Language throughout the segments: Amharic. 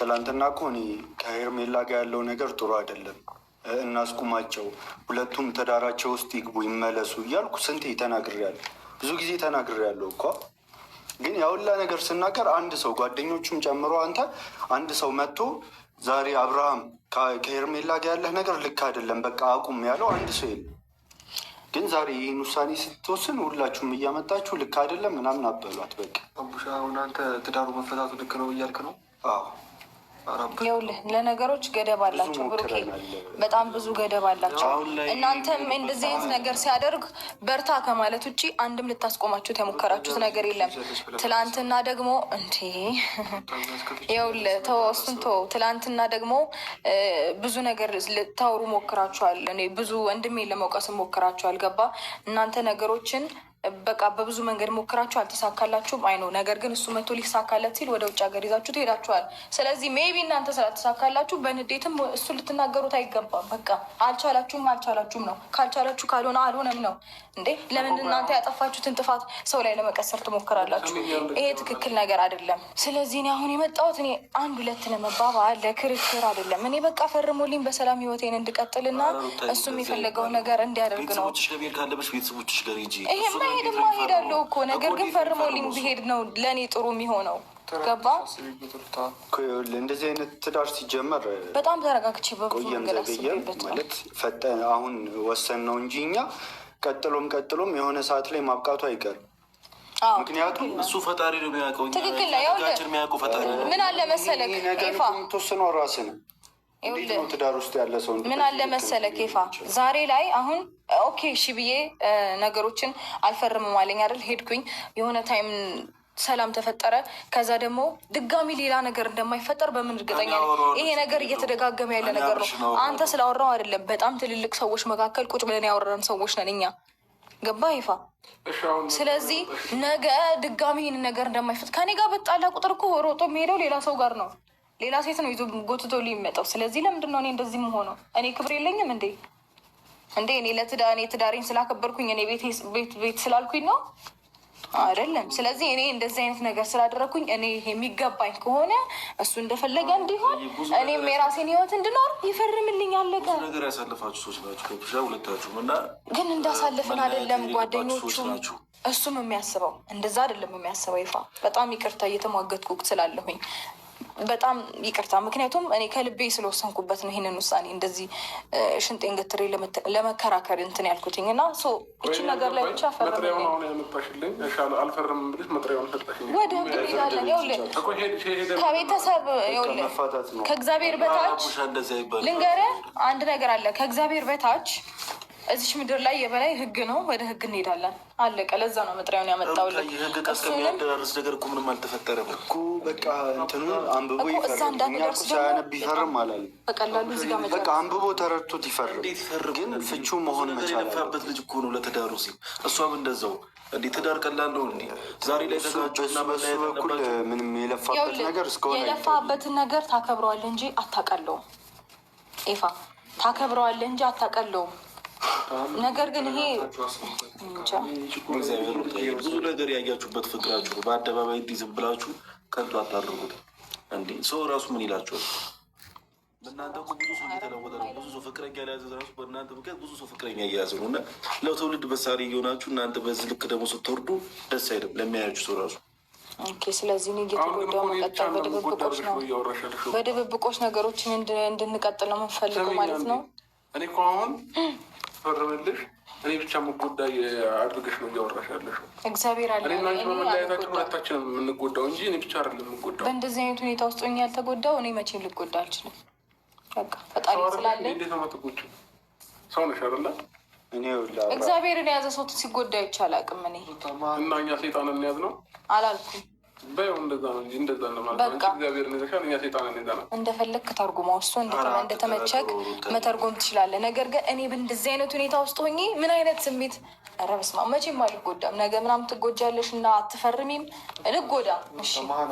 ትላንትና እኮ እኔ ከሄርሜላ ጋር ያለው ነገር ጥሩ አይደለም፣ እናስቁማቸው፣ ሁለቱም ትዳራቸው ውስጥ ይግቡ ይመለሱ እያልኩ ስንቴ ተናግሬያለሁ፣ ብዙ ጊዜ ተናግሬያለሁ እኮ ግን ያሁላ ነገር ስናገር አንድ ሰው ጓደኞቹም ጨምሮ አንተ አንድ ሰው መጥቶ ዛሬ አብርሃም ከሄርሜላ ጋር ያለህ ነገር ልክ አይደለም፣ በቃ አቁም ያለው አንድ ሰው የለም። ግን ዛሬ ይህን ውሳኔ ስትወስን ሁላችሁም እያመጣችሁ ልክ አይደለም ምናምን አበሏት። በቃ አቡሻ፣ አሁን አንተ ትዳሩ መፈታቱ ልክ ነው እያልክ ነው? አዎ ይኸውልህ ለነገሮች ገደብ አላቸው ብሩኬ፣ በጣም ብዙ ገደብ አላቸው። እናንተም እንደዚህ አይነት ነገር ሲያደርግ በርታ ከማለት ውጭ አንድም ልታስቆማችሁት የሞከራችሁት ነገር የለም። ትላንትና ደግሞ እንዴ ይኸውልህ ተወው፣ እሱን ተወው። ትላንትና ደግሞ ብዙ ነገር ልታወሩ ሞክራችኋል። እኔ ብዙ ወንድሜ ለመውቀስ ሞክራችኋል። ገባ እናንተ ነገሮችን በቃ በብዙ መንገድ ሞክራችሁ አልተሳካላችሁም። አይ ነው ነገር ግን እሱ መቶ ሊሳካለት ሲል ወደ ውጭ ሀገር ይዛችሁ ትሄዳችኋል። ስለዚህ ሜቢ እናንተ ስላልተሳካላችሁ በንዴትም እሱ ልትናገሩት አይገባም። በቃ አልቻላችሁም አልቻላችሁም ነው። ካልቻላችሁ ካልሆነ አልሆነም ነው እንዴ። ለምን እናንተ ያጠፋችሁትን ጥፋት ሰው ላይ ለመቀሰር ትሞክራላችሁ? ይሄ ትክክል ነገር አይደለም። ስለዚህ እኔ አሁን የመጣሁት እኔ አንድ ሁለት ለመባባል ለክርክር አይደለም። እኔ በቃ ፈርሞልኝ በሰላም ህይወቴን እንድቀጥልና እሱ የሚፈለገውን ነገር እንዲያደርግ ነው። ብሄድማ እሄዳለሁ እኮ ነገር ግን ፈርሞልኝ ብሄድ ነው ለእኔ ጥሩ የሚሆነው። ገባ እንደዚህ አይነት ትዳር ሲጀመር በጣም ተረጋግቼ በቆየም ዘገየም ማለት ፈጠን አሁን ወሰን ነው እንጂ እኛ ቀጥሎም ቀጥሎም የሆነ ሰዓት ላይ ማብቃቱ አይቀርም። ምክንያቱም እሱ ፈጣሪ ነው የሚያውቀው። ትክክል ነው። ያው ምን አለ መሰለህ የምትወስነው ራስ ነው እንዴት ነው ትዳር ውስጥ ያለ ሰው ምን አለ መሰለ ኬፋ ዛሬ ላይ አሁን ኦኬ እሺ ብዬ ነገሮችን አልፈርምም አለኝ አይደል? ሄድኩኝ የሆነ ታይም ሰላም ተፈጠረ። ከዛ ደግሞ ድጋሚ ሌላ ነገር እንደማይፈጠር በምን እርግጠኛ ይሄ ነገር እየተደጋገመ ያለ ነገር ነው። አንተ ስላወራው አይደለም፣ በጣም ትልልቅ ሰዎች መካከል ቁጭ ብለን ያወራን ሰዎች ነን እኛ። ገባ ይፋ። ስለዚህ ነገ ድጋሚ ይህን ነገር እንደማይፈጥ ከኔ ጋር በጣላ ቁጥር እኮ ሮጦ የሚሄደው ሌላ ሰው ጋር ነው። ሌላ ሴት ነው ይዞ ጎትቶ ሊመጣው። ስለዚህ ለምንድን ነው እኔ እንደዚህ መሆነው? እኔ ክብር የለኝም እንዴ? እንዴ እኔ ለትዳ እኔ ትዳሬን ስላከበርኩኝ እኔ ቤት ስላልኩኝ ነው አይደለም። ስለዚህ እኔ እንደዚህ አይነት ነገር ስላደረግኩኝ እኔ የሚገባኝ ከሆነ እሱ እንደፈለገ እንዲሆን እኔም የራሴን ህይወት እንድኖር ይፈርምልኝ። አለቀ። ነገር ያሳለፋችሁ ሰዎች ናችሁ ሁለታችሁም፣ እና ግን እንዳሳልፍን አይደለም ጓደኞቹም እሱም የሚያስበው እንደዛ አይደለም የሚያስበው። ይፋ በጣም ይቅርታ እየተሟገጥኩ ስላለሁኝ በጣም ይቅርታ። ምክንያቱም እኔ ከልቤ ስለወሰንኩበት ነው ይህንን ውሳኔ እንደዚህ ሽንጤን ገትሬ ለመከራከር እንትን ያልኩትኝ እና እቺ ነገር ላይ ብቻ ከቤተሰብ ከእግዚአብሔር በታች ልንገርህ አንድ ነገር አለ ከእግዚአብሔር በታች እዚች ምድር ላይ የበላይ ህግ ነው። ወደ ህግ እንሄዳለን። አለቀ። ለዛ ነው መጥሪያውን ያመጣውልን። እስከሚያደራርስ ነገር እኮ ምንም አልተፈጠረም እኮ በቃ እንትኑ አንብቦ ይፈርም አላለም። በቀላሉ እዚህ ጋር በቃ አንብቦ ተረድቶት ይፈርም። ግን ፍቹ መሆን መቻልበት ልጅ እኮ ነው ለትዳሩ ሲል እሷም እንደዛው እንዴ ትዳር ቀላለው ነው እንዴ? ዛሬ ላይ ተጋጆና በላይ በኩል ምንም የለፋበት ነገር እስከሆነ የለፋበትን ነገር ታከብረዋለህ እንጂ አታቀለውም። ኤፋ ታከብረዋለህ እንጂ አታቀለውም። ነገር ግን ይሄ ብዙ ነገር ያያችሁበት ፍቅራችሁ በአደባባይ እንዲህ ዝም ብላችሁ ከንቱ አታደርጉት። እንዴ ሰው ራሱ ምን ይላቸዋል? በእናንተ ብዙ ሰው እየተለወጠ ነው። ብዙ ሰው ፍቅረኛ ሊያዘ ራሱ በእናንተ ምክንያት ብዙ ሰው ፍቅረኛ እየያዘ ነው እና ለትውልድ በሳሪ እየሆናችሁ እናንተ በዚህ ልክ ደግሞ ስትወርዱ ደስ አይልም ለሚያያችሁ ሰው ራሱ ስለዚህ እኔ እየተጎዳሁ መቀጠል በድብብቆች ነው በድብብቆች ነገሮችን እንድንቀጥል ነው የምንፈልገው ማለት ነው። እኔ እኮ አሁን ፈረመልሽ እኔ ብቻ የምጎዳ አድርገሽ ነው እያወራሽ ያለሽ። እግዚአብሔር አለ እኔና አንቺ በመለያየታችን ሁለታችን የምንጎዳው እንጂ እኔ ብቻ አይደለም የምጎዳው። በእንደዚህ አይነት ሁኔታ ውስጥ ሆኜ ያልተጎዳው እኔ መቼም ልጎዳ አልችልም። ፈጣሪ ስላለኝ እንዴት ነው የማትጎጂው? ሰው ነሽ አይደለ? እግዚአብሔርን የያዘ ሰው ሲጎዳ ይቻላቅም። እኔ እና እኛ ሰይጣንን እንያዝ ነው አላልኩም እንደፈለግክ ተርጉመው እሱ እንደተመቸግ መተርጎም ትችላለህ። ነገር ግን እኔ በእንደዚህ አይነት ሁኔታ ውስጥ ሆኜ ምን አይነት ስሜት ኧረ በስመ አብ መቼም አልጎዳም። ነገ ምናምን ትጎጃለሽ እና አትፈርሚም። ልጎዳ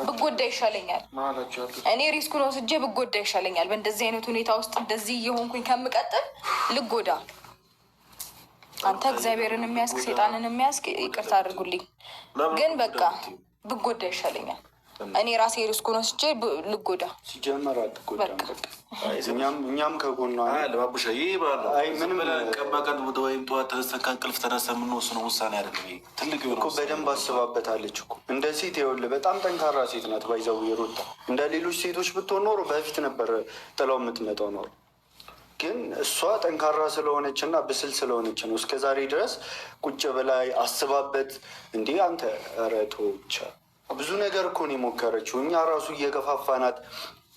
ብጎዳ ይሻለኛል። እኔ ሪስኩን ወስጄ ብጎዳ ይሻለኛል። በእንደዚህ አይነት ሁኔታ ውስጥ እንደዚህ እየሆንኩኝ ከምቀጥል ልጎዳ አንተ እግዚአብሔርን የሚያስክ ሴጣንን የሚያስክ ይቅርታ አድርጉልኝ፣ ግን በቃ ብጎዳ ይሻለኛል። እኔ ራሴ ሪስክ ሆነ ስቼ ልጎዳ ሲጀመር አትጎዳም። እኛም ከጎኗ ለባቡሻ ወይም ጠዋት ተነስተን ከእንቅልፍ ተነስተን የምንወስነው ውሳኔ አይደለም። ትልቅ ሆ በደንብ አስባበታለች እኮ እንደ ሴት የወል በጣም ጠንካራ ሴት ናት። ባይዘው የሮጣ እንደ ሌሎች ሴቶች ብትሆን ኖሮ በፊት ነበር ጥለው የምትመጣው ኖሮ ግን እሷ ጠንካራ ስለሆነች እና ብስል ስለሆነች ነው እስከዛሬ ድረስ ቁጭ በላይ አስባበት። እንዲህ አንተ ኧረ ብቻ ብዙ ነገር እኮ የሞከረች የሞከረችው። እኛ ራሱ እየገፋፋናት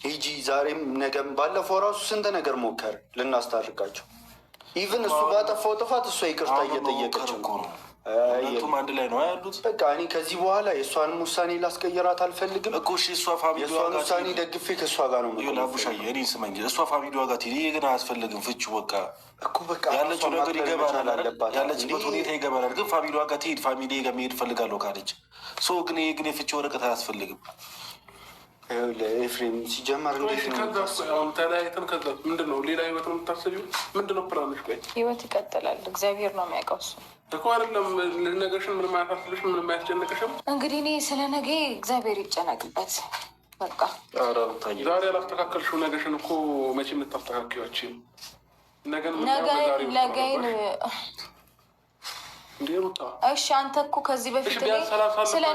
ሂጂ፣ ዛሬም ነገም፣ ባለፈው ራሱ ስንት ነገር ሞከር ልናስታርቃቸው። ኢቭን እሱ ባጠፋው ጥፋት እሷ ይቅርታ እየጠየቀች ነው ሁለቱም አንድ ላይ ነው ያሉት። በቃ እኔ ከዚህ በኋላ የእሷንም ውሳኔ ላስቀየራት አልፈልግም እኮ እሺ። እሷ ፋሚሊ ውሳኔ ደግፌ ከእሷ ጋር ነው ላቡሻዬ። እኔ ስመኝ እሷ ፋሚሊ ዋጋ ቴ ግን አያስፈልግም ፍቹ በቃ እኮ በቃ ያለችው ነገር ይገባናል፣ ያለችበት ሁኔታ ይገባናል። ግን ፋሚሊ ዋጋ ትሄድ ፋሚሊ ጋር መሄድ እፈልጋለሁ ካለች ሶ ግን ይሄ ግን የፍቺ ወረቀት አያስፈልግም። ኤፍሬም ሲጀመር ተለያይተን ከዛ ምንድን ነው ሌላ ህይወት ነው የምታስቢው? ምንድን ነው ፕላኖች? ህይወት ይቀጥላል። እግዚአብሔር ነው የሚያውቀው እሱ እኮ አይደለም ልነገርሽም ምንም አያሳስብሽም፣ ምንም አያስጨንቅሽም። እንግዲህ እኔ ስለ ነገ እግዚአብሔር ይጨነቅበት። በቃ ዛሬ አላስተካከልሽው ነገሽን እኮ መቼም ልታስተካክያችን ነገን ነገይን እሺ አንተ እኮ ከዚህ በፊት ስለ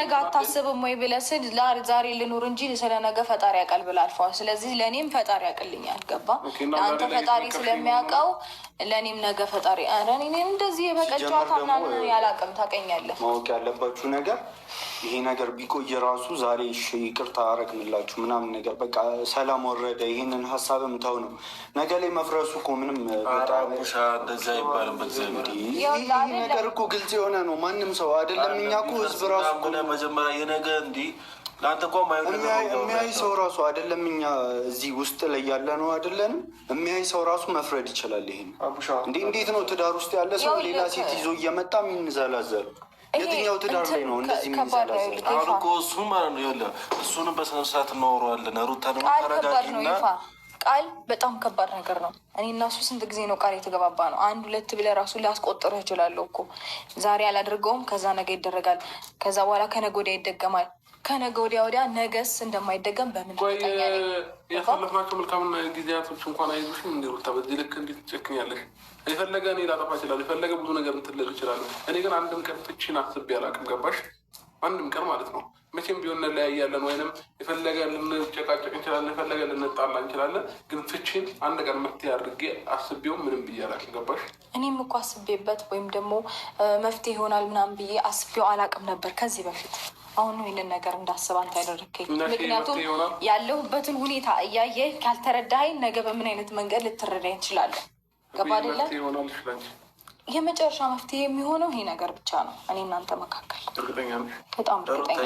ነገ አታስብም ወይ ብለህ ስል ዛሬ ልኑር እንጂ ስለ ነገ ፈጣሪ ያውቃል ብለህ አልፈዋል። ስለዚህ ለእኔም ፈጣሪ ያውቅልኛል። ገባ ለአንተ ፈጣሪ ስለሚያውቀው ለእኔም ነገ ፈጣሪ ረኔ እንደዚህ የበቀል ጨዋታ ምናምን ያላቅም ታውቀኛለህ። ማወቅ ያለባችሁ ነገር ይሄ ነገር ቢቆይ ራሱ ዛሬ እሺ ይቅርታ አረግምላችሁ ምናምን ነገር በቃ ሰላም ወረደ፣ ይህንን ሀሳብም ተው ነው ነገ ላይ መፍረሱ እኮ ምንም ይህ ነገር እኮ ግልጽ የሆነ ነው። ማንም ሰው አይደለም። እኛ እኮ ህዝብ ራሱ መጀመሪያ የነገ እንዲህ የሚያይ ሰው ራሱ አይደለም። እኛ እዚህ ውስጥ ላይ ያለ ነው አይደለንም። የሚያይ ሰው ራሱ መፍረድ ይችላል። ይሄ እንዴ እንዴት ነው ትዳር ውስጥ ያለ ሰው ሌላ ሴት ይዞ እየመጣ የሚንዘላዘሉ የትኛው ትዳር ላይ ነው እንደዚህ የሚንዘላዘሉ? አሁን እኮ እሱ ማለት ነው እሱንም በስነስርዓት እናወራዋለን። ሩታ ደግሞ ተረጋጊና ቃል በጣም ከባድ ነገር ነው። እኔ እና እሱ ስንት ጊዜ ነው ቃል የተገባባ ነው። አንድ ሁለት ብለህ ራሱ ላስቆጥርህ ይችላለሁ እኮ ዛሬ አላደርገውም፣ ከዛ ነገ ይደረጋል፣ ከዛ በኋላ ከነገ ወዲያ ይደገማል፣ ከነገ ወዲያ ወዲያ ነገስ እንደማይደገም በምን ያሳለፍናቸው መልካም ጊዜያቶች እንኳን አይዙሽ እንዲሩታ በዚህ ልክ እንዴት ትጨክኛለሽ? የፈለገ እኔ ላጠፋ እችላለሁ፣ የፈለገ ብዙ ነገር እንትልል ይችላሉ። እኔ ግን አንድም ቀን ትችን አስቤ አላውቅም። ገባሽ? አንድም ቀን ማለት ነው መቼም ቢሆን እንለያያለን፣ ወይንም የፈለገ ልንጨቃጨቅ እንችላለን፣ የፈለገ ልንጣላ እንችላለን። ግን ፍቺን አንድ ቀን መፍትሄ አድርጌ አስቤው ምንም ብዬ አላቅም። ገባሽ? እኔም እኮ አስቤበት ወይም ደግሞ መፍትሄ ይሆናል ምናምን ብዬ አስቤው አላቅም ነበር ከዚህ በፊት። አሁን ይህንን ነገር እንዳስብ አንተ ያደረግከኝ፣ ምክንያቱም ያለሁበትን ሁኔታ እያየ ካልተረዳኸኝ ነገ በምን አይነት መንገድ ልትረዳኝ ትችላለህ? ገባ አይደለም የመጨረሻ መፍትሄ የሚሆነው ይሄ ነገር ብቻ ነው። እኔ እናንተ መካከል በጣም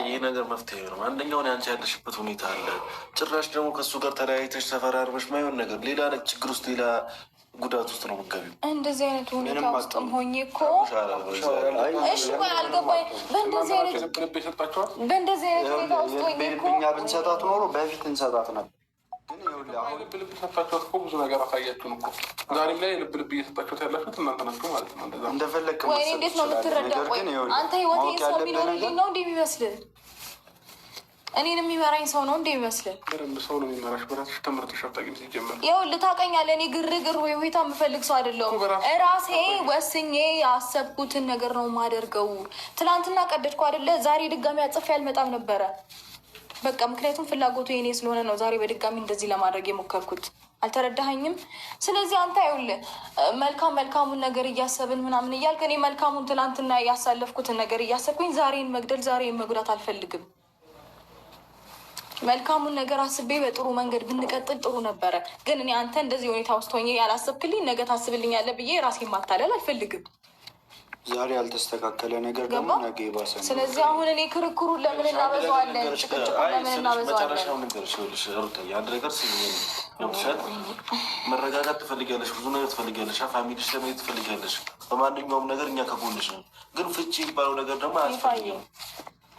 ይሄ ነገር መፍትሄ ነው። አንደኛው አንቺ ያለሽበት ሁኔታ አለ። ጭራሽ ደግሞ ከእሱ ጋር ተለያይተሽ ተፈራርመሽ ማይሆን ነገር ሌላ ችግር ውስጥ ሌላ ጉዳት ውስጥ ነው ምገቢ። እንደዚህ አይነት ሁኔታ ውስጥም ሆኜ እኮ እሺ፣ ቆይ አልገባኝም። በእንደዚህ አይነት ሁኔታ ውስጥ ሆኜ እኮ ብንሰጣት ኖሮ በፊት እንሰጣት ነበር ልብ ሰጣችኋት እኮ ብዙ ነገር አሳያችሁን እኮ። ዛሬም ላይ ልብ ልብ እየሰጣችሁት ያላችሁት እናንተ ናችሁ ማለት ነው። እንደፈለግ ወይኔ፣ እንዴት ነው የምትረዳው? ቆይ አንተ ህይወት ይህ ሰው የሚኖርልኝ ነው እኔን የሚመራኝ ሰው ነው እንደ የሚመስልህ? በደንብ ሰው ነው የሚመራሽ። በራስሽ ሲጀመር እኔ ግርግር ወይ ሁኔታ የምፈልግ ሰው አይደለሁም። ራሴ ወስኜ ያሰብኩትን ነገር ነው የማደርገው። ትናንትና ቀደድኩ አይደለ? ዛሬ ድጋሚ አጽፌ አልመጣም ነበረ በቃ ምክንያቱም ፍላጎቱ የኔ ስለሆነ ነው ዛሬ በድጋሚ እንደዚህ ለማድረግ የሞከርኩት። አልተረዳኸኝም? ስለዚህ አንተ ይኸውልህ መልካም መልካሙን ነገር እያሰብን ምናምን እያልክ እኔ መልካሙን ትናንትና ያሳለፍኩትን ነገር እያሰብኩኝ ዛሬን መግደል ዛሬን መጉዳት አልፈልግም። መልካሙን ነገር አስቤ በጥሩ መንገድ ብንቀጥል ጥሩ ነበረ። ግን እኔ አንተ እንደዚህ ሁኔታ ውስጥ ሆኜ ያላሰብክልኝ ነገ ታስብልኛለህ ብዬ ራሴን ማታለል አልፈልግም። ዛሬ ያልተስተካከለ ነገር ደግሞ ነገ ይባሰ። ስለዚህ አሁን እኔ ክርክሩን ለምን እናበዛዋለን? ጭቅጭቁን ለምን እናበዛዋለን? ነገር መረጋጋት ትፈልጊያለሽ፣ ብዙ ነገር ትፈልጊያለሽ፣ ፋሚሊሽ ለመሄድ ትፈልጊያለሽ። በማንኛውም ነገር እኛ ከጎንሽ ነው፣ ግን ፍቺ የሚባለው ነገር ደግሞ አያስፈልግም።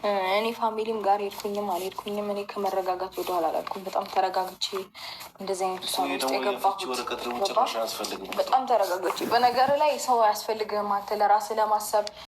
እኔ ፋሚሊም ጋር ሄድኩኝም አልሄድኩኝም እኔ ከመረጋጋት ወደኋላ አላልኩም። በጣም ተረጋግቼ እንደዚህ አይነት ውሳኔ ውስጥ የገባሁት በጣም ተረጋግቼ። በነገር ላይ ሰው አያስፈልግም አንተ ለራስህ ለማሰብ